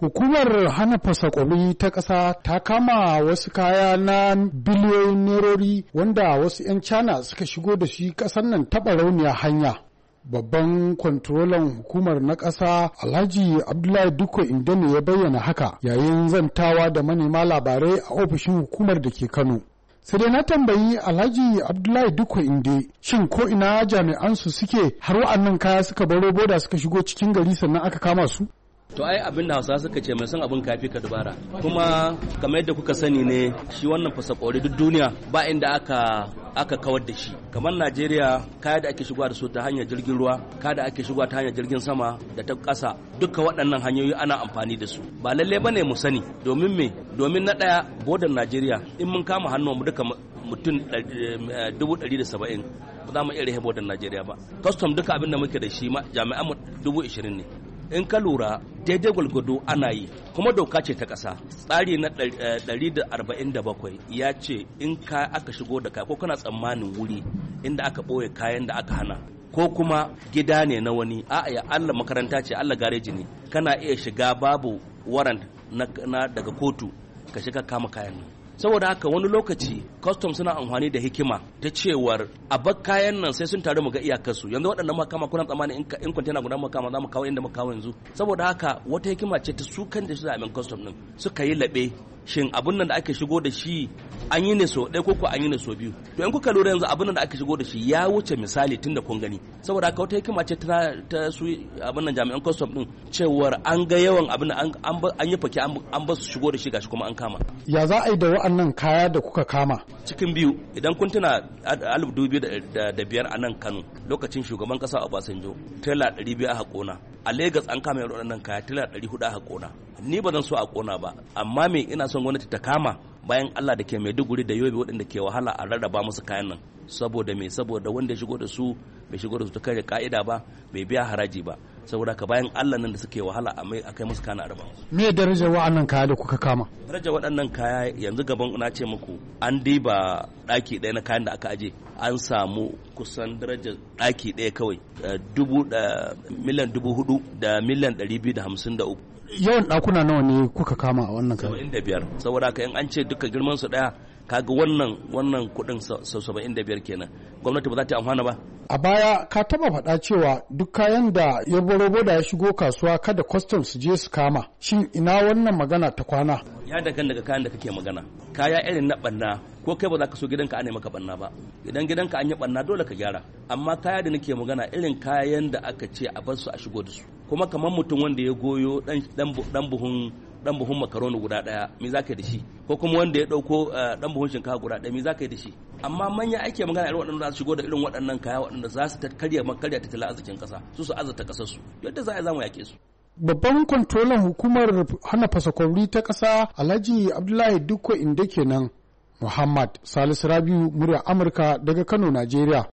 Hukumar hana fasakwali ta ƙasa ta kama wasu kaya na biliyoyin nerori wanda wasu 'yan China suka shigo da shi ƙasar nan taɓa rauniya hanya. Babban kwantrolan hukumar na ƙasa Alhaji Abdullahi Dukko ne ya bayyana haka yayin zantawa da manema labarai a ofishin hukumar da ke Kano. sai dai na tambayi alhaji abdullahi Dukko inde shin ko ina jami'an su suke har wa'annan kaya suka baro boda suka shigo cikin gari sannan aka kama su To ai abin da Hausawa suka ce mai san abin kafi ka dubara. Kuma kamar yadda kuka sani ne shi wannan fasakori duk duniya ba inda aka aka kawar da shi kamar najeriya kaya da ake shigowa da su ta hanyar jirgin ruwa kaya da ake shigowa ta hanyar jirgin sama da ta ƙasa duka waɗannan hanyoyi ana amfani da su ba lalle ba ne mu sani domin me domin na ɗaya bodan najeriya in mun kama hannu mu duka mutum eh, dubu saba'in ba za mu iya rahe bodan najeriya ba custom duka abin da muke da shi jami'an mu ne in ka lura daidai gwalgwado ana yi kuma doka ce ta ƙasa tsari na 147 eh, ya ce in ka aka shigo da ka ko kana tsammanin wuri inda aka ɓoye kayan da aka hana ko kuma gida ne na wani a'a ya allah makaranta ce allah gareji ne kana iya shiga babu warant na daga kotu ka shiga kama kayan nan saboda haka wani lokaci custom suna amfani da hikima ta cewar a bar kayan nan sai sun taru mu ga su yanzu waɗannan makama kuna tsammani in in container guda makama za mu kawo inda mu yanzu saboda haka wata hikima ce ta su kan da su zaɓen custom din suka yi laɓe shin abun nan da ake shigo da shi an yi ne so ɗaya ko an yi ne so biyu to in kuka lura yanzu abun nan da ake shigo da shi ya wuce misali tun da kun gani saboda haka wata hikima ce ta su abun nan jami'an kwastam din cewar an ga yawan abun an yi fake an ba su shigo da shi gashi kuma an kama ya za a yi da wa'annan kaya da kuka kama cikin biyu idan kun tuna alif dubu da biyar a nan kano lokacin shugaban kasa obasanjo tela ɗari biyu a kona a Legas an kama yaro nan kaya tela ɗari hudu a kona ni ba zan so a kona ba amma me ina son gwamnati ta kama bayan Allah da ke duguri da Yobe waɗanda ke wahala a rarraba musu kayan nan saboda me saboda wanda ya shigo da su bai shigo da su ta kare ka'ida ba bai biya haraji ba saboda ka bayan Allah nan da suke wahala a mai akai musu kana arba me daraja wa'annan kaya da kuka kama daraja waɗannan kaya yanzu gaban na ce muku an diba ɗaki ɗaya na kayan da aka aje an samu kusan darajar ɗaki ɗaya kawai eh, dubu da eh, miliyan dubu hudu da miliyan ɗari biyu da hamsin da uku yawan ɗakuna nawa ne kuka kama a wannan kaya saba'in da biyar saboda ka in an ce duka girman su ɗaya kaga wannan wannan kuɗin saba'in da biyar kenan gwamnati ba za ta amfana ba A baya ka taba faɗa cewa duk kayan da ya borobo da ya shigo kasuwa kada kwastam su je su kama. Shin ina wannan magana ta kwana? Ya daga daga kayan da kake magana. Kaya irin na ɓanna ko kai ba za ka so gidanka ana maka ɓanna ba. Idan gidanka an yi ɓanna dole ka gyara. Amma kaya da nake magana irin kayan da aka ce a bar su a shigo da su. Kuma kamar mutum wanda ya goyo dan buhun dan buhun makaroni guda daya me zaka da shi ko kuma wanda ya dauko eh, dan buhun shinkafa guda daya me zaka da shi amma manya ake magana irin waɗanda za su shigo da irin waɗannan kaya waɗanda za su karya makarya tattalin arzikin ƙasa su su azata ƙasar su yadda za a zama yake su babban kwantolan hukumar hana fasakwari ta ƙasa alhaji abdullahi dukko inda kenan muhammad salisu rabiu murya amurka daga kano najeriya